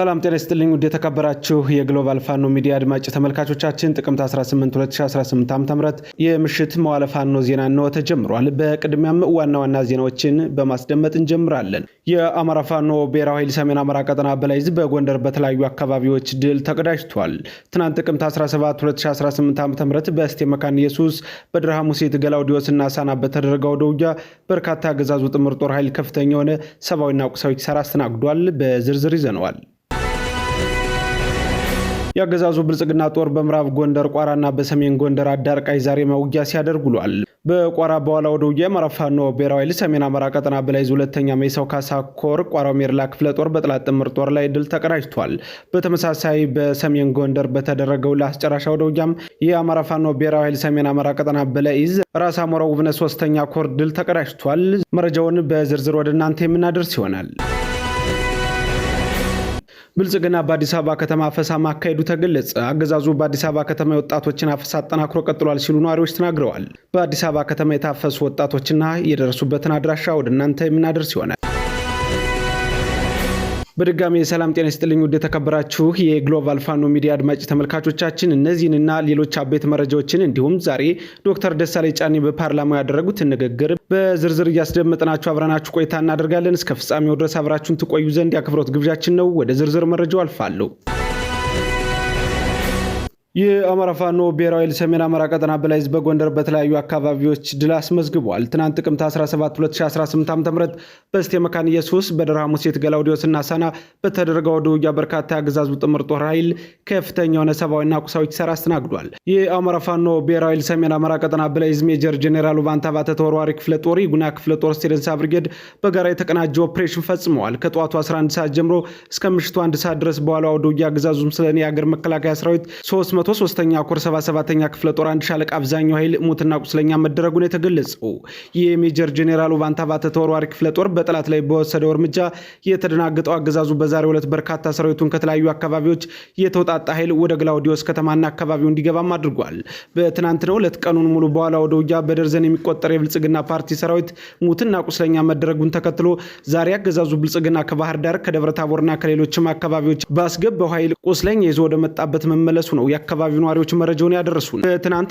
ሰላም ጤና ይስጥልኝ ውድ የተከበራችሁ የግሎባል ፋኖ ሚዲያ አድማጭ ተመልካቾቻችን ጥቅምት 18 2018 ዓ ም የምሽት መዋለ ፋኖ ዜና ነው ተጀምሯል። በቅድሚያም ዋና ዋና ዜናዎችን በማስደመጥ እንጀምራለን። የአማራ ፋኖ ብሔራዊ ኃይል ሰሜን አማራ ቀጠና በላይዝ በጎንደር በተለያዩ አካባቢዎች ድል ተቀዳጅቷል። ትናንት ጥቅምት 17 2018 ዓ ም በእስቴ መካነ ኢየሱስ በድርሃ ሙሴት ገላውዲዮስና ሳና በተደረገው ውጊያ በርካታ አገዛዙ ጥምር ጦር ኃይል ከፍተኛ የሆነ ሰብአዊና ቁሳዊ ኪሳራ አስተናግዷል። በዝርዝር ይዘነዋል። የአገዛዙ ብልጽግና ጦር በምዕራብ ጎንደር ቋራና በሰሜን ጎንደር አዳርቃይ ዛሬ መውጊያ ሲያደርግ ውሏል። በቋራ በኋላ ወደ ውጊያ የአማራ ፋኖ ብሔራዊ ኃይል ሰሜን አማራ ቀጠና በላይ ሁለተኛ መይሳው ካሳ ኮር ቋራው ሜርላ ክፍለ ጦር በጠላት ጥምር ጦር ላይ ድል ተቀዳጅቷል። በተመሳሳይ በሰሜን ጎንደር በተደረገው ለአስጨራሻ ወደ ውጊያም የአማራ ፋኖ ብሔራዊ ኃይል ሰሜን አማራ ቀጠና በላይ ዕዝ ራስ አሞራው ውብነ ሶስተኛ ኮር ድል ተቀዳጅቷል። መረጃውን በዝርዝር ወደ እናንተ የምናደርስ ይሆናል። ብልጽግና በአዲስ አበባ ከተማ አፈሳ ማካሄዱ ተገለጸ። አገዛዙ በአዲስ አበባ ከተማ የወጣቶችን አፈሳ አጠናክሮ ቀጥሏል ሲሉ ነዋሪዎች ተናግረዋል። በአዲስ አበባ ከተማ የታፈሱ ወጣቶችና የደረሱበትን አድራሻ ወደ እናንተ የምናደርስ ይሆናል። በድጋሚ የሰላም ጤና ይስጥልኝ ውድ የተከበራችሁ የግሎባል ፋኖ ሚዲያ አድማጭ ተመልካቾቻችን፣ እነዚህንና ሌሎች አበይት መረጃዎችን እንዲሁም ዛሬ ዶክተር ደሳሌ ጫኔ በፓርላማ ያደረጉትን ንግግር በዝርዝር እያስደመጥናችሁ አብረናችሁ ቆይታ እናደርጋለን። እስከ ፍጻሜው ድረስ አብራችሁን ትቆዩ ዘንድ የአክብሮት ግብዣችን ነው። ወደ ዝርዝር መረጃው አልፋለሁ። የአማራ ፋኖ ብሔራዊ ኃይል ሰሜን አማራ ቀጠና በላይ በጎንደር በተለያዩ አካባቢዎች ድል አስመዝግቧል። ትናንት ጥቅምት 17 2018 ም በስቴ መካነ ኢየሱስ፣ በደራ ሙሴት፣ እና ሳና በተደረገው ወደ ውጊያ በርካታ የአገዛዙ ጥምር ጦር ኃይል ከፍተኛ የሆነ ሰብአዊና ቁሳዊ ኪሳራ አስተናግዷል። የአማራ ፋኖ ብሔራዊ ኃይል ሰሜን አማራ ቀጠና በላይ ሜጀር ጄኔራሉ ባንታ ባተ ተወርዋሪ ክፍለ ጦር፣ ጉና ክፍለ ጦር ስቴደንሳ ብርጌድ በጋራ የተቀናጀ ኦፕሬሽን ፈጽመዋል። ከጠዋቱ 11 ሰዓት ጀምሮ እስከ ምሽቱ አንድ ሰዓት ድረስ በኋላ ወደ ውጊያ አገዛዙም ስለኔ የአገር መከላከያ ሰራዊት 303ኛ ኮር 77ኛ ክፍለ ጦር አንድ ሻለቃ አብዛኛው ኃይል ሞትና ቁስለኛ መደረጉን የተገለጸው የሜጀር ጄኔራል ባንታ ባተ ተወርዋሪ ክፍለ ጦር በጠላት ላይ በወሰደው እርምጃ የተደናገጠው አገዛዙ በዛሬው ዕለት በርካታ ሰራዊቱን ከተለያዩ አካባቢዎች የተውጣጣ ኃይል ወደ ግላውዲዮስ ከተማና አካባቢው እንዲገባም አድርጓል። በትናንትናው ዕለት ቀኑን ሙሉ በኋላ ወደ ውጊያ በደርዘን የሚቆጠር የብልጽግና ፓርቲ ሰራዊት ሙትና ቁስለኛ መደረጉን ተከትሎ ዛሬ አገዛዙ ብልጽግና ከባህር ዳር ከደብረ ታቦርና ከሌሎችም አካባቢዎች ባስገባው ኃይል ቁስለኛ ይዞ ወደ መጣበት መመለሱ ነው። የአካባቢው ነዋሪዎች መረጃውን ያደረሱን።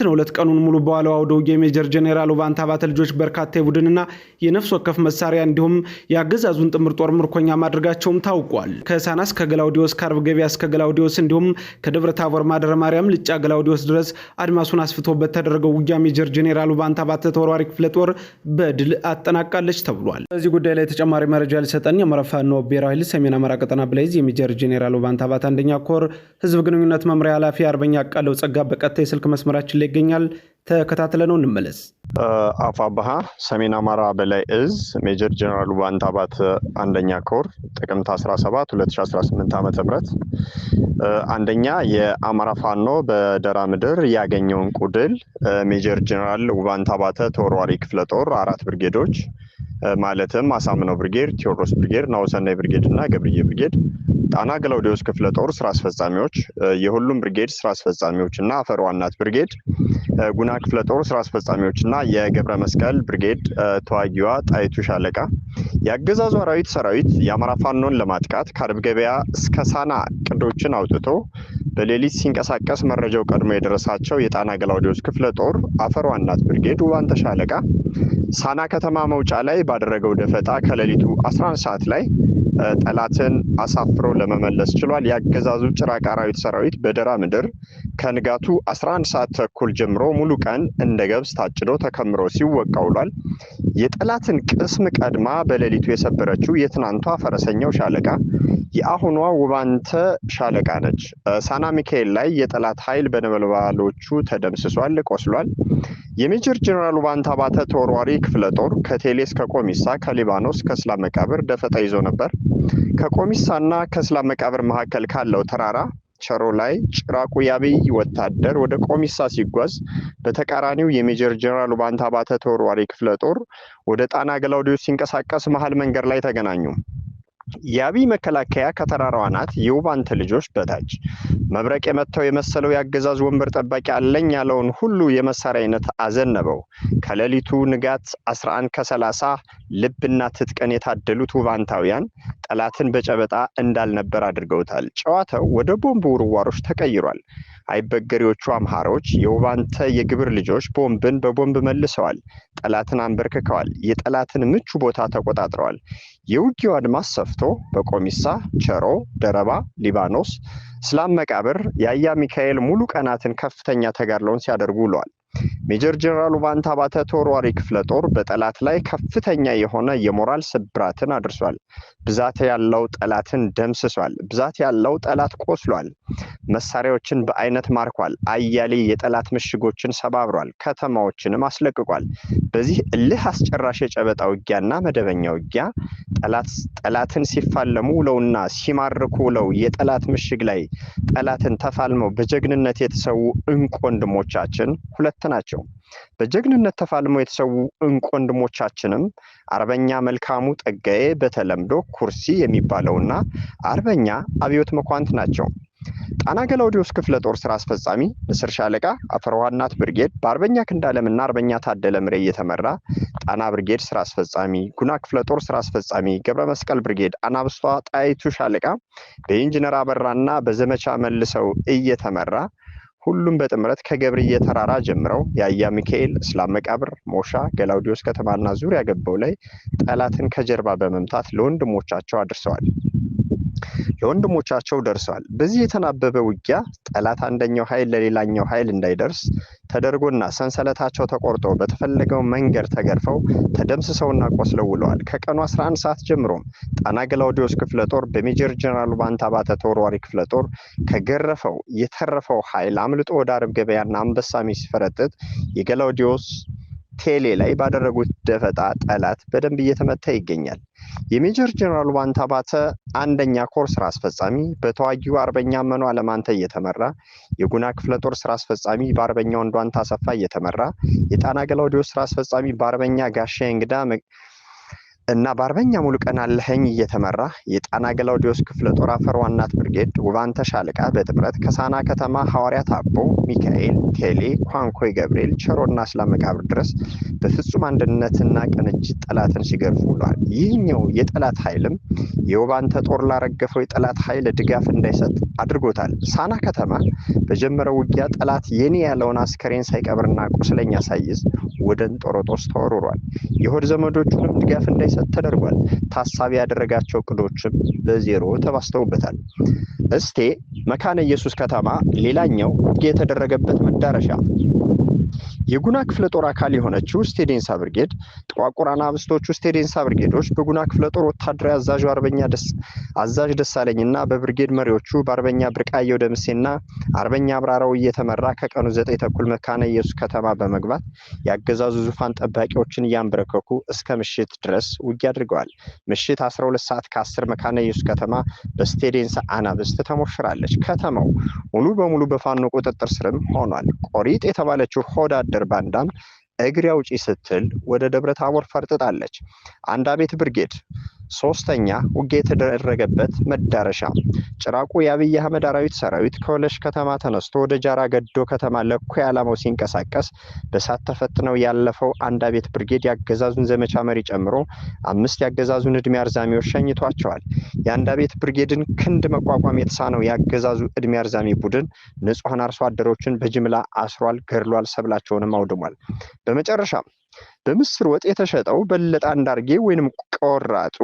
ነው ሁለት ቀኑን ሙሉ በዋለው አውደ ውጊያ የሜጀር ጄኔራል ውባንተ አባተ ልጆች በርካታ የቡድንና የነፍስ ወከፍ መሳሪያ እንዲሁም የአገዛዙን ጥምር ጦር ምርኮኛ ማድረጋቸውም ታውቋል። ከሳና እስከ ገላውዲዮስ፣ ከአርብ ገበያ እስከ ገላውዲዮስ እንዲሁም ከደብረ ታቦር ማደረ ማርያም ልጫ ገላውዲዮስ ድረስ አድማሱን አስፍቶ በተደረገው ውጊያ ሜጀር ጄኔራል ውባንተ አባተ ተወርዋሪ ክፍለ ጦር በድል አጠናቃለች ተብሏል። በዚህ ጉዳይ ላይ ተጨማሪ መረጃ ሊሰጠን የመረፋ ፋኖ ብሔራዊ ኃይል ሰሜን አማራ ቀጠና ብላይዝ የሜጀር ጄኔራል ውባንተ አባተ አንደኛ ኮር ህዝብ ግንኙነት መምሪያ ኃላፊ አርበኛ አርበኛ አቃለው ጸጋ በቀጥታ የስልክ መስመራችን ላይ ይገኛል። ተከታትለ ነው እንመለስ። አፋባሃ ሰሜን አማራ በላይ እዝ ሜጀር ጀነራል ባንታ አባት አንደኛ ኮር ጥቅምት 17 2018 ዓ ም አንደኛ የአማራ ፋኖ በደራ ምድር ያገኘውን ቁድል ሜጀር ጀነራል ውባንታ አባተ ተወርዋሪ ክፍለ ጦር አራት ብርጌዶች ማለትም አሳምነው ብርጌድ፣ ቴዎድሮስ ብርጌድ፣ ናውሰናይ ብርጌድ እና ገብርዬ ብርጌድ ጣና ገላውዴዎስ ክፍለ ጦር ስራ አስፈጻሚዎች፣ የሁሉም ብርጌድ ስራ አስፈጻሚዎች እና አፈር ዋናት ብርጌድ፣ ጉና ክፍለ ጦር ስራ አስፈጻሚዎች እና የገብረ መስቀል ብርጌድ ተዋጊዋ ጣይቱ ሻለቃ የአገዛዙ አራዊት ሰራዊት የአማራ ፋኖን ለማጥቃት ከአርብ ገበያ እስከ ሳና ቅዶችን አውጥቶ በሌሊት ሲንቀሳቀስ መረጃው ቀድሞ የደረሳቸው የጣና ገላውዲዮስ ክፍለ ጦር አፈር ዋናት ብርጌድ ውባንተ ሻለቃ ሳና ከተማ መውጫ ላይ ባደረገው ደፈጣ ከሌሊቱ 11 ሰዓት ላይ ጠላትን አሳፍሮ ለመመለስ ችሏል። የአገዛዙ ጭራቅ አራዊት ሰራዊት በደራ ምድር ከንጋቱ 11 ሰዓት ተኩል ጀምሮ ሙሉ ቀን እንደ ገብስ ታጭዶ ተከምሮ ሲወቃ ውሏል። የጠላትን ቅስም ቀድማ በሌሊቱ የሰበረችው የትናንቷ ፈረሰኛው ሻለቃ የአሁኗ ውባንተ ሻለቃ ነች። ሳና ሚካኤል ላይ የጠላት ኃይል በነበልባሎቹ ተደምስሷል፣ ቆስሏል። የሜጀር ጀኔራል ውባንተ አባተ ተወርዋሪ ክፍለ ጦር ከቴሌ እስከ ቆሚሳ ከሊባኖስ ከእስላም መቃብር ደፈጣ ይዞ ነበር። ከቆሚሳና ከእስላም መቃብር መካከል ካለው ተራራ ቸሮ ላይ ጭራቁ የአብይ ወታደር ወደ ቆሚሳ ሲጓዝ በተቃራኒው የሜጀር ጀነራል ባንታ ባተ ተወርዋሪ ክፍለ ጦር ወደ ጣና ገላውዲዮስ ሲንቀሳቀስ መሀል መንገድ ላይ ተገናኙ። የአብይ መከላከያ ከተራራዋ ናት አንተ ልጆች በታች መብረቅ የመታው የመሰለው የአገዛዝ ወንበር ጠባቂ አለኝ ያለውን ሁሉ የመሳሪያ አይነት አዘነበው። ከሌሊቱ ንጋት 11 ከ30 ልብና ትጥቅን የታደሉት ውባንታውያን ጠላትን በጨበጣ እንዳልነበር አድርገውታል። ጨዋታው ወደ ቦምብ ውርዋሮች ተቀይሯል። አይበገሬዎቹ አምሃሮች የውባንተ የግብር ልጆች ቦምብን በቦምብ መልሰዋል። ጠላትን አንበርክከዋል። የጠላትን ምቹ ቦታ ተቆጣጥረዋል። የውጊው አድማስ ሰፍቶ በቆሚሳ፣ ቸሮ፣ ደረባ፣ ሊባኖስ፣ እስላም መቃብር፣ የአያ ሚካኤል ሙሉ ቀናትን ከፍተኛ ተጋድለውን ሲያደርጉ ውለዋል። ሜጀር ጀነራሉ ባንታ ባተ ተወርዋሪ ክፍለ ጦር በጠላት ላይ ከፍተኛ የሆነ የሞራል ስብራትን አድርሷል። ብዛት ያለው ጠላትን ደምስሷል። ብዛት ያለው ጠላት ቆስሏል። መሳሪያዎችን በአይነት ማርኳል። አያሌ የጠላት ምሽጎችን ሰባብሯል። ከተማዎችንም አስለቅቋል። በዚህ እልህ አስጨራሽ የጨበጣ ውጊያና መደበኛ ውጊያ ጠላትን ሲፋለሙ ውለውና ሲማርኩ ውለው የጠላት ምሽግ ላይ ጠላትን ተፋልመው በጀግንነት የተሰዉ እንቁ ወንድሞቻችን ሁለት ሁለት ናቸው። በጀግንነት ተፋልመው የተሰዉ እንቁ ወንድሞቻችንም አርበኛ መልካሙ ጠጋዬ በተለምዶ ኩርሲ የሚባለውና አርበኛ አብዮት መኳንት ናቸው። ጣና ገላውዲዮስ ክፍለ ጦር ስራ አስፈጻሚ ንስር ሻለቃ አፈርዋናት ብርጌድ በአርበኛ ክንዳለምና አርበኛ ታደለ ምሬ እየተመራ ጣና ብርጌድ ስራ አስፈጻሚ፣ ጉና ክፍለ ጦር ስራ አስፈጻሚ፣ ገብረ መስቀል ብርጌድ አናብስቷ ጣይቱ ሻለቃ በኢንጂነር አበራና በዘመቻ መልሰው እየተመራ ሁሉም በጥምረት ከገብርዬ ተራራ ጀምረው የአያ ሚካኤል፣ እስላም መቃብር፣ ሞሻ፣ ገላውዲዮስ ከተማና ዙሪያ ገባው ላይ ጠላትን ከጀርባ በመምታት ለወንድሞቻቸው አድርሰዋል። ለወንድሞቻቸው ደርሰዋል። በዚህ የተናበበ ውጊያ ጠላት አንደኛው ኃይል ለሌላኛው ኃይል እንዳይደርስ ተደርጎና ሰንሰለታቸው ተቆርጦ በተፈለገው መንገድ ተገርፈው ተደምስሰውና ቆስለው ውለዋል። ከቀኑ 11 ሰዓት ጀምሮም ጣና ገላውዲዮስ ክፍለ ጦር በሜጀር ጀነራል ባንታ ባተ ተወርዋሪ ክፍለ ጦር ከገረፈው የተረፈው ኃይል አምልጦ ወደ አረብ ገበያና አንበሳሜ ሲፈረጥጥ የገላውዲዮስ ቴሌ ላይ ባደረጉት ደፈጣ ጠላት በደንብ እየተመታ ይገኛል። የሜጀር ጀነራል ዋንታ ባተ አንደኛ ኮር ስራ አስፈጻሚ በተዋጊው አርበኛ መኖ አለማንተ እየተመራ የጉና ክፍለ ጦር ስራ አስፈጻሚ በአርበኛ ወንዷንታ አሰፋ እየተመራ የጣና ገላውዲዮስ ስራ አስፈጻሚ በአርበኛ ጋሻ እንግዳ እና በአርበኛ ሙሉቀን አለኸኝ እየተመራ የጣና ገላውዲዮስ ክፍለ ጦር አፈር ዋናት ብርጌድ ውባንተ ሻለቃ በጥምረት ከሳና ከተማ ሐዋርያት አቦ ሚካኤል፣ ቴሌ፣ ኳንኮይ ገብርኤል፣ ቸሮና ስላመቃብር ድረስ በፍጹም አንድነትና ቅንጅት ጠላትን ሲገርፉ ውሏል። ይህኛው የጠላት ኃይልም የውባንተ ጦር ላረገፈው የጠላት ኃይል ድጋፍ እንዳይሰጥ አድርጎታል። ሳና ከተማ በጀመረው ውጊያ ጠላት የኔ ያለውን አስከሬን ሳይቀብርና ቁስለኛ ሳይዝ ወደ እንጦሮጦስ ተወርሯል። የሆድ ዘመዶቹንም ድጋፍ እንዳይሰጥ ተደርጓል። ታሳቢ ያደረጋቸው እቅዶችም በዜሮ ተባስተውበታል። እስቴ መካነ ኢየሱስ ከተማ ሌላኛው የተደረገበት መዳረሻ የጉና ክፍለ ጦር አካል የሆነችው ስቴዴንሳ ብርጌድ ጥቋቁር አናብስቶች ስቴዴንሳ ብርጌዶች በጉና ክፍለ ጦር ወታደራዊ አዛዡ አርበኛ አዛዥ ደሳለኝና በብርጌድ መሪዎቹ በአርበኛ ብርቃየው ደምሴና አርበኛ አብራራው እየተመራ ከቀኑ ዘጠኝ ተኩል መካነ ኢየሱስ ከተማ በመግባት የአገዛዙ ዙፋን ጠባቂዎችን እያንበረከኩ እስከ ምሽት ድረስ ውጊያ አድርገዋል። ምሽት 12 ሰዓት ከ10 መካነ ኢየሱስ ከተማ በስቴዴንሳ አናብስት ተሞሽራለች። ከተማው ሙሉ በሙሉ በፋኖ ቁጥጥር ስርም ሆኗል። ቆሪጥ የተባለችው ሆዳደ ወታደር ባንዳም እግሬ አውጪ ስትል ወደ ደብረ ታቦር ፈርጥጣለች። አንድ አቤት ብርጌድ ሶስተኛ ውጊያ የተደረገበት መዳረሻ ጭራቁ የአብይ አህመድ አራዊት ሰራዊት ከወለሽ ከተማ ተነስቶ ወደ ጃራ ገዶ ከተማ ለኮ ዓላማው ሲንቀሳቀስ በሳት ተፈትነው ያለፈው አንድ አቤት ብርጌድ የአገዛዙን ዘመቻ መሪ ጨምሮ አምስት የአገዛዙን እድሜ አርዛሚዎች ሸኝቷቸዋል። የአንድ አቤት ብርጌድን ክንድ መቋቋም የተሳነው የአገዛዙ እድሜ አርዛሚ ቡድን ንጹሐን አርሶ አደሮችን በጅምላ አስሯል፣ ገድሏል፣ ሰብላቸውንም አውድሟል። በመጨረሻም በምስር ወጥ የተሸጠው በለጠ አንዳርጌ ወይንም ቆራጡ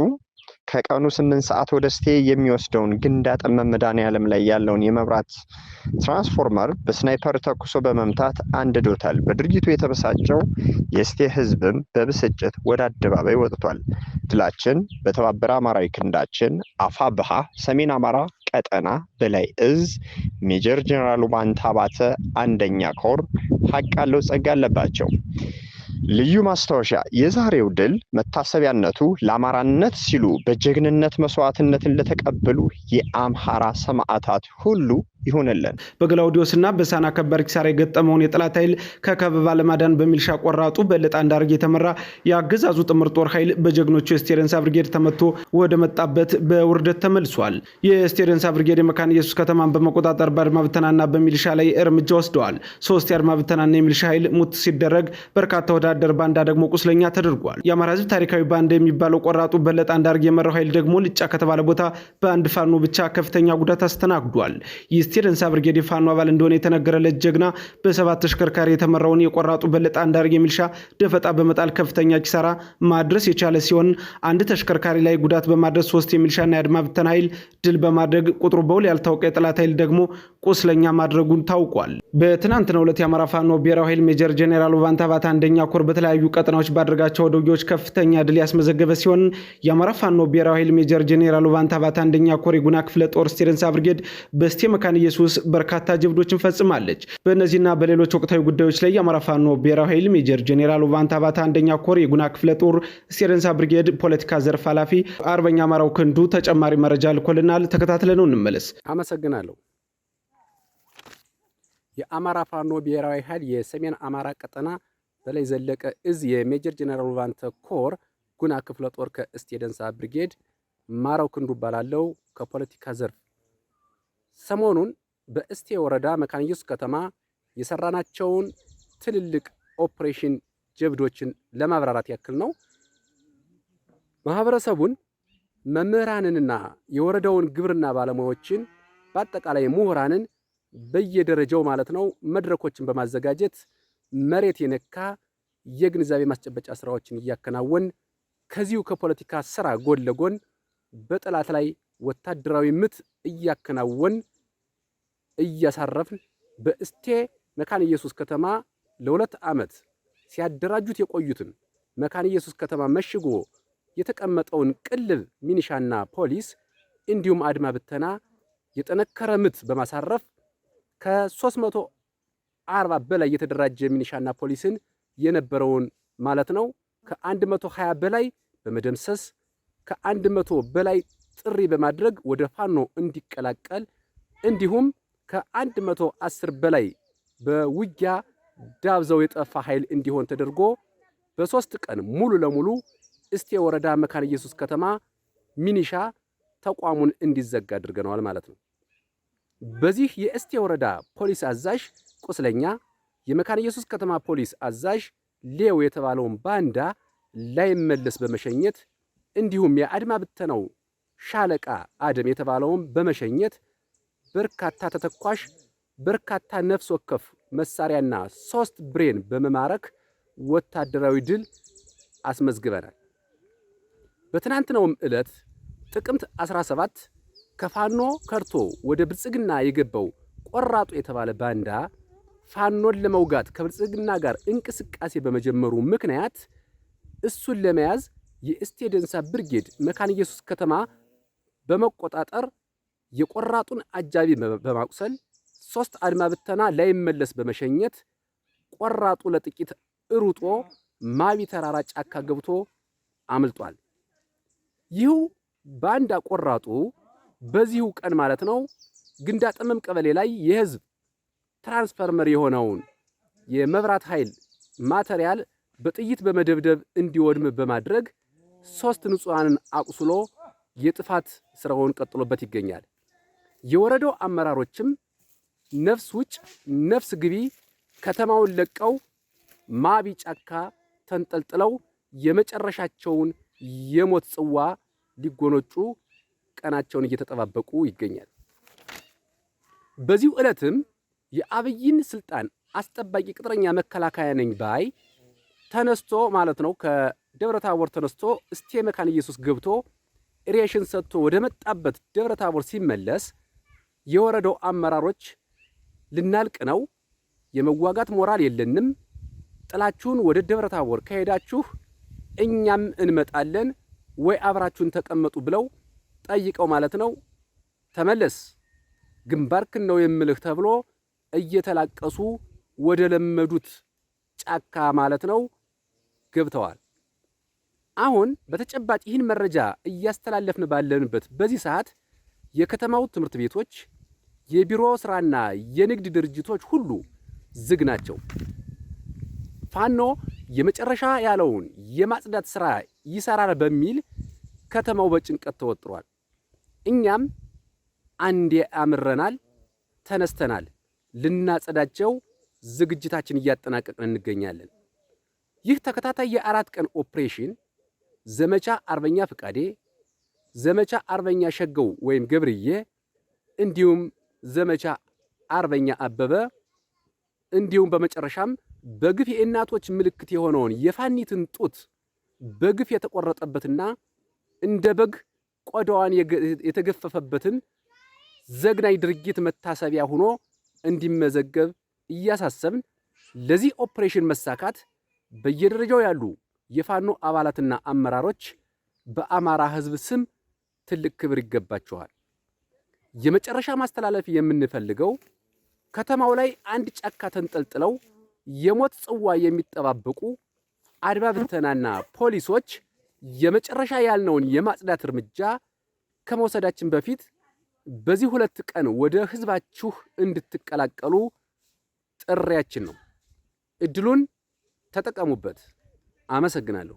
ከቀኑ ስምንት ሰዓት ወደ ስቴ የሚወስደውን ግንዳ ጠመም መድኃኔዓለም ላይ ያለውን የመብራት ትራንስፎርመር በስናይፐር ተኩሶ በመምታት አንድዶታል። በድርጊቱ የተበሳጨው የስቴ ህዝብም በብስጭት ወደ አደባባይ ወጥቷል። ድላችን በተባበረ አማራዊ ክንዳችን አፋ ብሃ፣ ሰሜን አማራ ቀጠና በላይ እዝ ሜጀር ጀኔራል ባንታ ባተ አንደኛ ኮር ሀቅ አለው ጸጋ አለባቸው ልዩ ማስታወሻ የዛሬው ድል መታሰቢያነቱ ለአማራነት ሲሉ በጀግንነት መስዋዕትነትን ለተቀበሉ የአምሃራ ሰማዕታት ሁሉ ይሁንልን። በግላውዲዮስና በሳና ከባድ ኪሳራ የገጠመውን የጠላት ኃይል ከከበባ ለማዳን በሚልሻ ቆራጡ በለጣ እንዳርግ የተመራ የአገዛዙ ጥምር ጦር ኃይል በጀግኖቹ የስቴደንሳ ብርጌድ ተመቶ ወደ መጣበት በውርደት ተመልሷል። የስቴደንሳ ብርጌድ የመካነ ኢየሱስ ከተማን በመቆጣጠር በአድማ ብተናና በሚልሻ ላይ እርምጃ ወስደዋል። ሶስት የአድማ ብተናና የሚልሻ ኃይል ሙት ሲደረግ በርካታ ወዳደር ባንዳ ደግሞ ቁስለኛ ተደርጓል። የአማራ ህዝብ ታሪካዊ ባንዳ የሚባለው ቆራጡ በለጣ እንዳርግ የመራው ኃይል ደግሞ ልጫ ከተባለ ቦታ በአንድ ፋኖ ብቻ ከፍተኛ ጉዳት አስተናግዷል። የስቴደንሳ ብርጌድ የፋኖ አባል እንደሆነ የተነገረለት ጀግና በሰባት ተሽከርካሪ የተመራውን የቆራጡ በለጠ አንዳርጌ ሚልሻ ደፈጣ በመጣል ከፍተኛ ኪሳራ ማድረስ የቻለ ሲሆን አንድ ተሽከርካሪ ላይ ጉዳት በማድረስ ሶስት የሚልሻና የአድማ ብተን ኃይል ድል በማድረግ ቁጥሩ በውል ያልታወቀ የጠላት ኃይል ደግሞ ቁስለኛ ማድረጉን ታውቋል። በትናንትናው ዕለት የአማራ ፋኖ ብሔራዊ ኃይል ሜጀር ጄኔራል ውባንታ ባታ አንደኛ ኮር በተለያዩ ቀጠናዎች ባደረጋቸው ውጊያዎች ከፍተኛ ድል ያስመዘገበ ሲሆን የአማራ ፋኖ ብሔራዊ ኃይል ሜጀር ጄኔራል ውባንታ ባታ አንደኛ ኮር የጉና ክፍለ ጦር ስቴደንስ አብርጌድ በስቴ መካን ኢየሱስ በርካታ ጀብዶችን ፈጽማለች። በእነዚህና በሌሎች ወቅታዊ ጉዳዮች ላይ የአማራ ፋኖ ብሔራዊ ኃይል ሜጀር ጄኔራል ውባንታ ባታ አንደኛ ኮር የጉና ክፍለ ጦር ስቴደንስ አብርጌድ ፖለቲካ ዘርፍ ኃላፊ አርበኛ አማራው ክንዱ ተጨማሪ መረጃ ልኮልናል። ተከታትለ ነው እንመለስ። አመሰግናለሁ። የአማራ ፋኖ ብሔራዊ ኃይል የሰሜን አማራ ቀጠና በላይ ዘለቀ እዝ የሜጀር ጀነራል ቫንተ ኮር ጉና ክፍለ ጦር ከእስቴ ደንሳ ብርጌድ ማረው ክንዱ ባላለው ከፖለቲካ ዘርፍ ሰሞኑን በእስቴ ወረዳ መካኒየስ ከተማ የሰራናቸውን ትልልቅ ኦፕሬሽን ጀብዶችን ለማብራራት ያክል ነው። ማህበረሰቡን መምህራንንና የወረዳውን ግብርና ባለሙያዎችን በአጠቃላይ ምሁራንን በየደረጃው ማለት ነው መድረኮችን በማዘጋጀት መሬት የነካ የግንዛቤ ማስጨበጫ ስራዎችን እያከናወን ከዚሁ ከፖለቲካ ስራ ጎን ለጎን በጠላት ላይ ወታደራዊ ምት እያከናወን እያሳረፍን በእስቴ መካነ ኢየሱስ ከተማ ለሁለት ዓመት ሲያደራጁት የቆዩትን መካነ ኢየሱስ ከተማ መሽጎ የተቀመጠውን ቅልብ ሚኒሻና ፖሊስ እንዲሁም አድማ ብተና የጠነከረ ምት በማሳረፍ ከ340 በላይ የተደራጀ ሚኒሻና ፖሊስን የነበረውን ማለት ነው ከ120 በላይ በመደምሰስ ከ100 በላይ ጥሪ በማድረግ ወደ ፋኖ እንዲቀላቀል እንዲሁም ከ110 በላይ በውጊያ ዳብዘው የጠፋ ኃይል እንዲሆን ተደርጎ በሶስት ቀን ሙሉ ለሙሉ እስቴ ወረዳ መካነ ኢየሱስ ከተማ ሚኒሻ ተቋሙን እንዲዘጋ አድርገነዋል ማለት ነው። በዚህ የእስቴ ወረዳ ፖሊስ አዛዥ ቁስለኛ የመካነ ኢየሱስ ከተማ ፖሊስ አዛዥ ሌው የተባለውን ባንዳ ላይመለስ በመሸኘት እንዲሁም የአድማ ብተናው ሻለቃ አደም የተባለውን በመሸኘት በርካታ ተተኳሽ በርካታ ነፍስ ወከፍ መሳሪያና ሶስት ብሬን በመማረክ ወታደራዊ ድል አስመዝግበናል። በትናንትናውም ዕለት ጥቅምት 17 ከፋኖ ከርቶ ወደ ብልጽግና የገባው ቆራጡ የተባለ ባንዳ ፋኖን ለመውጋት ከብልጽግና ጋር እንቅስቃሴ በመጀመሩ ምክንያት እሱን ለመያዝ የእስቴ ደንሳ ብርጌድ መካን ኢየሱስ ከተማ በመቆጣጠር የቆራጡን አጃቢ በማቁሰል ሶስት አድማ ብተና ላይመለስ በመሸኘት ቆራጡ ለጥቂት እሩጦ ማቢ ተራራ ጫካ ገብቶ አምልጧል። ይህው ባንዳ ቆራጡ በዚሁ ቀን ማለት ነው ግንዳ ጥመም ቀበሌ ላይ የህዝብ ትራንስፈርመር የሆነውን የመብራት ኃይል ማተሪያል በጥይት በመደብደብ እንዲወድም በማድረግ ሶስት ንጹሐንን አቁስሎ የጥፋት ስራውን ቀጥሎበት ይገኛል። የወረዳው አመራሮችም ነፍስ ውጭ ነፍስ ግቢ ከተማውን ለቀው ማቢ ጫካ ተንጠልጥለው የመጨረሻቸውን የሞት ጽዋ ሊጎነጩ ቀናቸውን እየተጠባበቁ ይገኛል። በዚሁ ዕለትም የአብይን ስልጣን አስጠባቂ ቅጥረኛ መከላከያ ነኝ ባይ ተነስቶ ማለት ነው ከደብረ ታቦር ተነስቶ እስቴ መካነ ኢየሱስ ገብቶ ሬሽን ሰጥቶ ወደ መጣበት ደብረ ታቦር ሲመለስ የወረደው አመራሮች ልናልቅ ነው፣ የመዋጋት ሞራል የለንም፣ ጥላችሁን ወደ ደብረ ታቦር ከሄዳችሁ እኛም እንመጣለን፣ ወይ አብራችሁን ተቀመጡ ብለው ጠይቀው ማለት ነው ተመለስ ግንባርክን ነው የምልህ ተብሎ እየተላቀሱ ወደ ለመዱት ጫካ ማለት ነው ገብተዋል። አሁን በተጨባጭ ይህን መረጃ እያስተላለፍን ባለንበት በዚህ ሰዓት የከተማው ትምህርት ቤቶች፣ የቢሮ ስራና የንግድ ድርጅቶች ሁሉ ዝግ ናቸው። ፋኖ የመጨረሻ ያለውን የማጽዳት ስራ ይሰራል በሚል ከተማው በጭንቀት ተወጥሯል። እኛም አንዴ አምረናል፣ ተነስተናል። ልናጸዳቸው ዝግጅታችን እያጠናቀቅን እንገኛለን። ይህ ተከታታይ የአራት ቀን ኦፕሬሽን ዘመቻ አርበኛ ፍቃዴ፣ ዘመቻ አርበኛ ሸገው ወይም ገብርዬ እንዲሁም ዘመቻ አርበኛ አበበ እንዲሁም በመጨረሻም በግፍ የእናቶች ምልክት የሆነውን የፋኒትን ጡት በግፍ የተቆረጠበትና እንደ በግ ቆዳዋን የተገፈፈበትን ዘግናኝ ድርጊት መታሰቢያ ሆኖ እንዲመዘገብ እያሳሰብን ለዚህ ኦፕሬሽን መሳካት በየደረጃው ያሉ የፋኖ አባላትና አመራሮች በአማራ ሕዝብ ስም ትልቅ ክብር ይገባቸዋል። የመጨረሻ ማስተላለፍ የምንፈልገው ከተማው ላይ አንድ ጫካ ተንጠልጥለው የሞት ጽዋ የሚጠባበቁ አድባ ብተናና ፖሊሶች የመጨረሻ ያልነውን የማጽዳት እርምጃ ከመውሰዳችን በፊት በዚህ ሁለት ቀን ወደ ህዝባችሁ እንድትቀላቀሉ ጥሪያችን ነው። እድሉን ተጠቀሙበት። አመሰግናለሁ።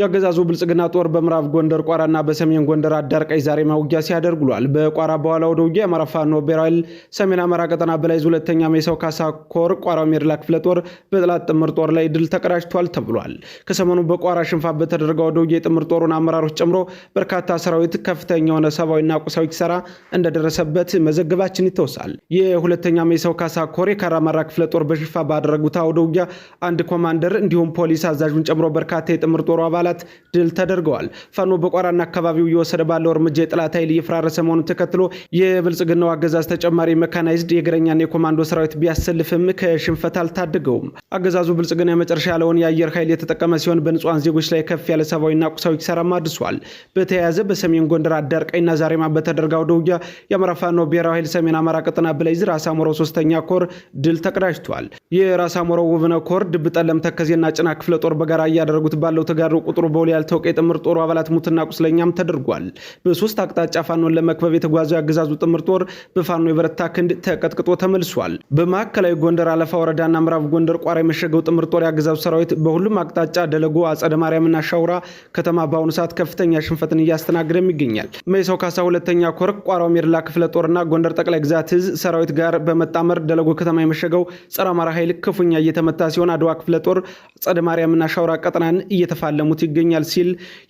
የአገዛዙ ብልጽግና ጦር በምዕራብ ጎንደር ቋራና በሰሜን ጎንደር አዳርቀይ ቀይ ዛሬ ሲያደርግ ውሏል። በቋራ በኋላ ወደ ውጊያ የአማራ ፋኖ ብሔራዊ ሰሜን አማራ ቀጠና በላይ ሁለተኛ ሜሰው ካሳ ኮር ቋራ ሜድላ ክፍለ ጦር በጠላት ጥምር ጦር ላይ ድል ተቀዳጅቷል ተብሏል። ከሰሞኑ በቋራ ሽንፋ በተደረገ ወደ ውጊያ የጥምር ጦሩን አመራሮች ጨምሮ በርካታ ሰራዊት ከፍተኛ የሆነ ሰብአዊና ቁሳዊ ኪሳራ እንደደረሰበት መዘገባችን ይተወሳል። የሁለተኛ ሜሰው ካሳ ኮር የካራማራ ክፍለ ጦር በሽንፋ ባደረጉት አውደ ውጊያ አንድ ኮማንደር እንዲሁም ፖሊስ አዛዡን ጨምሮ በርካታ የጥምር ጦሩ አባላት አባላት ድል ተደርገዋል። ፋኖ በቋራና አካባቢው እየወሰደ ባለው እርምጃ የጠላት ኃይል እየፈራረሰ መሆኑን ተከትሎ የብልጽግናው አገዛዝ ተጨማሪ መካናይዝድ የእግረኛና የኮማንዶ ሰራዊት ቢያሰልፍም ከሽንፈት አልታደገውም። አገዛዙ ብልጽግና የመጨረሻ ያለውን የአየር ኃይል የተጠቀመ ሲሆን በንጹሐን ዜጎች ላይ ከፍ ያለ ሰብአዊና ቁሳዊ ኪሳራም አድሷል። በተያያዘ በሰሜን ጎንደር ቀይና ዛሬማ በተደረገ አውደ ውጊያ የአማራ ፋኖ ብሔራዊ ኃይል ሰሜን አማራ ቅጥና ብለይዝ ራስ አሞራው ሶስተኛ ኮር ድል ተቀዳጅቷል። የራስ አሞራው ውብነ ኮር ድብጠለም ተከዜና ጭና ክፍለ ጦር በጋራ እያደረጉት ባለው ተጋድሎ ቁጥሩ ቁጥሩ በውል ያልታወቀ የጥምር ጦሩ አባላት ሙትና ቁስለኛም ተደርጓል። በሶስት አቅጣጫ ፋኖን ለመክበብ የተጓዘው ያገዛዙ ጥምር ጦር በፋኖ የበረታ ክንድ ተቀጥቅጦ ተመልሷል። በማዕከላዊ ጎንደር አለፋ ወረዳና ምዕራብ ጎንደር ቋራ የመሸገው ጥምር ጦር ያገዛዙ ሰራዊት በሁሉም አቅጣጫ ደለጎ፣ አጸደ ማርያምና ሻውራ ከተማ በአሁኑ ሰዓት ከፍተኛ ሽንፈትን እያስተናግደም ይገኛል። መይሰው ካሳ ሁለተኛ ኮር ቋራው ሜድላ ክፍለ ጦርና ጎንደር ጠቅላይ ግዛት እዝ ሰራዊት ጋር በመጣመር ደለጎ ከተማ የመሸገው ጸረ አማራ ኃይል ክፉኛ እየተመታ ሲሆን አድዋ ክፍለ ጦር ጸደ ማርያምና ሻውራ ቀጠናን እየተፋለሙት እየፈጸሙት ይገኛል ሲል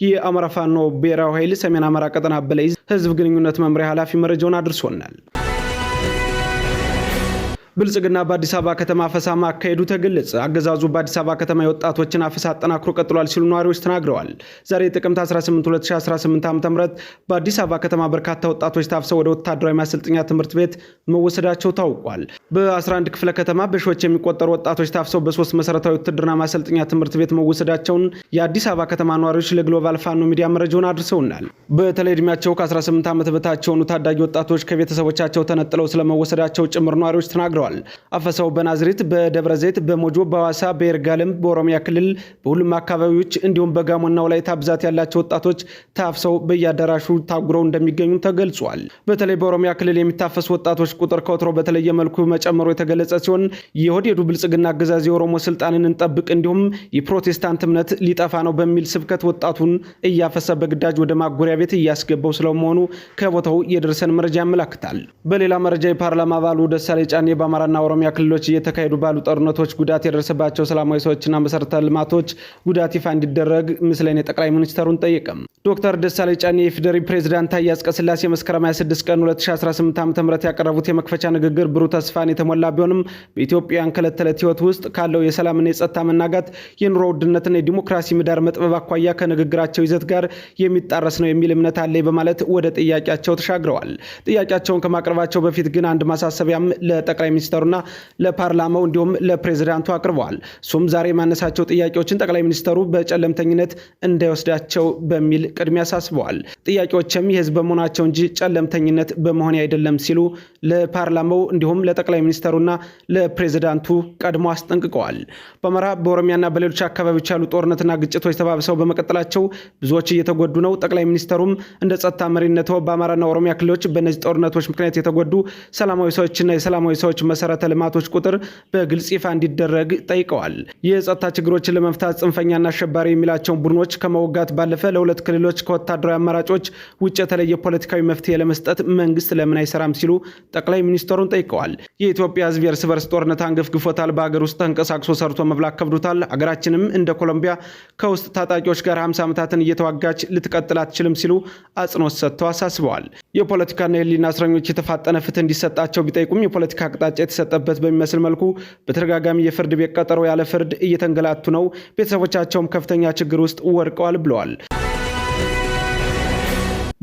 የአማራ ፋኖ ብሔራዊ ኃይል ሰሜን አማራ ቀጠና በላይ ህዝብ ግንኙነት መምሪያ ኃላፊ መረጃውን አድርሶናል። ብልጽግና በአዲስ አበባ ከተማ አፈሳ ማካሄዱ ተገለጸ። አገዛዙ በአዲስ አበባ ከተማ የወጣቶችን አፈሳ አጠናክሮ ቀጥሏል ሲሉ ነዋሪዎች ተናግረዋል። ዛሬ ጥቅምት 18 2018 ዓ.ም በአዲስ አበባ ከተማ በርካታ ወጣቶች ታፍሰው ወደ ወታደራዊ ማሰልጠኛ ትምህርት ቤት መወሰዳቸው ታውቋል። በ11 ክፍለ ከተማ በሺዎች የሚቆጠሩ ወጣቶች ታፍሰው በሶስት መሰረታዊ ውትድርና ማሰልጠኛ ትምህርት ቤት መወሰዳቸውን የአዲስ አበባ ከተማ ነዋሪዎች ለግሎባል ፋኖ ሚዲያ መረጃውን አድርሰውናል። በተለይ እድሜያቸው ከ18 ዓመት በታች የሆኑ ታዳጊ ወጣቶች ከቤተሰቦቻቸው ተነጥለው ስለመወሰዳቸው ጭምር ነዋሪዎች ተናግረዋል። ተናግረዋል። አፈሳው በናዝሬት፣ በደብረ ዘይት፣ በሞጆ፣ በሐዋሳ፣ በይርጋለም፣ በኦሮሚያ ክልል በሁሉም አካባቢዎች እንዲሁም በጋሞና ወላይታ ብዛት ያላቸው ወጣቶች ታፍሰው በየአዳራሹ ታጉረው እንደሚገኙ ተገልጿል። በተለይ በኦሮሚያ ክልል የሚታፈሱ ወጣቶች ቁጥር ከወትሮ በተለየ መልኩ መጨመሩ የተገለጸ ሲሆን የኦህዴዱ ብልጽግና አገዛዝ የኦሮሞ ስልጣንን እንጠብቅ እንዲሁም የፕሮቴስታንት እምነት ሊጠፋ ነው በሚል ስብከት ወጣቱን እያፈሰ በግዳጅ ወደ ማጎሪያ ቤት እያስገባው ስለመሆኑ ከቦታው የደረሰን መረጃ ያመላክታል። በሌላ መረጃ የፓርላማ አባሉ ደሳለኝ ጫኔ በአማራ በአማራና ኦሮሚያ ክልሎች እየተካሄዱ ባሉ ጦርነቶች ጉዳት የደረሰባቸው ሰላማዊ ሰዎችና መሰረተ ልማቶች ጉዳት ይፋ እንዲደረግ ምስለኔ ጠቅላይ ሚኒስተሩን ጠየቀም። ዶክተር ደሳለኝ ጫኔ የፌዴሪ ፕሬዝዳንት ታዬ አጽቀሥላሴ መስከረም 26 ቀን 2018 ዓ ም ያቀረቡት የመክፈቻ ንግግር ብሩህ ተስፋን የተሞላ ቢሆንም በኢትዮጵያን ከዕለት ተዕለት ሕይወት ውስጥ ካለው የሰላምና የጸጥታ መናጋት፣ የኑሮ ውድነትና የዲሞክራሲ ምህዳር መጥበብ አኳያ ከንግግራቸው ይዘት ጋር የሚጣረስ ነው የሚል እምነት አለኝ በማለት ወደ ጥያቄያቸው ተሻግረዋል። ጥያቄያቸውን ከማቅረባቸው በፊት ግን አንድ ማሳሰቢያም ለጠቅላይ ሚኒስትሩና ለፓርላማው እንዲሁም ለፕሬዝዳንቱ አቅርበዋል። እሱም ዛሬ የማነሳቸው ጥያቄዎችን ጠቅላይ ሚኒስተሩ በጨለምተኝነት እንዳይወስዳቸው በሚል ቅድሚያ አሳስበዋል። ጥያቄዎችም የህዝብ በመሆናቸው እንጂ ጨለምተኝነት በመሆን አይደለም ሲሉ ለፓርላማው እንዲሁም ለጠቅላይ ሚኒስተሩና ለፕሬዚዳንቱ ቀድሞ አስጠንቅቀዋል። በአማራ በኦሮሚያና በሌሎች አካባቢዎች ያሉ ጦርነትና ግጭቶች ተባብሰው በመቀጠላቸው ብዙዎች እየተጎዱ ነው። ጠቅላይ ሚኒስተሩም እንደ ጸጥታ መሪነቶ በአማራና ኦሮሚያ ክልሎች በእነዚህ ጦርነቶች ምክንያት የተጎዱ ሰላማዊ ሰዎችና የሰላማዊ ሰዎች መሰረተ ልማቶች ቁጥር በግልጽ ይፋ እንዲደረግ ጠይቀዋል። የጸጥታ ችግሮችን ለመፍታት ጽንፈኛና አሸባሪ የሚላቸውን ቡድኖች ከመወጋት ባለፈ ለሁለት ክልል ክልሎች ከወታደራዊ አማራጮች ውጭ የተለየ ፖለቲካዊ መፍትሄ ለመስጠት መንግስት ለምን አይሰራም ሲሉ ጠቅላይ ሚኒስትሩን ጠይቀዋል። የኢትዮጵያ ሕዝብ የእርስ በርስ ጦርነት አንገፍግፎታል። በሀገር ውስጥ ተንቀሳቅሶ ሰርቶ መብላክ ከብዶታል። ሀገራችንም እንደ ኮሎምቢያ ከውስጥ ታጣቂዎች ጋር 50 ዓመታትን እየተዋጋች ልትቀጥል አትችልም ሲሉ አጽንኦት ሰጥተው አሳስበዋል። የፖለቲካና የህሊና እስረኞች የተፋጠነ ፍትህ እንዲሰጣቸው ቢጠይቁም የፖለቲካ አቅጣጫ የተሰጠበት በሚመስል መልኩ በተደጋጋሚ የፍርድ ቤት ቀጠሮ ያለ ፍርድ እየተንገላቱ ነው። ቤተሰቦቻቸውም ከፍተኛ ችግር ውስጥ ወድቀዋል ብለዋል።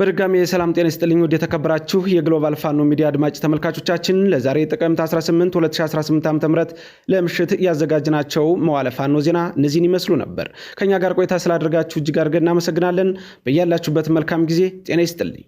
በድጋሚ የሰላም ጤና ይስጥልኝ። ውድ የተከበራችሁ የግሎባል ፋኖ ሚዲያ አድማጭ ተመልካቾቻችን ለዛሬ ጥቅምት 18 2018 ዓ.ም ለምሽት ያዘጋጅናቸው መዋለ ፋኖ ዜና እነዚህን ይመስሉ ነበር። ከእኛ ጋር ቆይታ ስላደርጋችሁ እጅግ አድርገን እናመሰግናለን። በያላችሁበት መልካም ጊዜ ጤና ይስጥልኝ።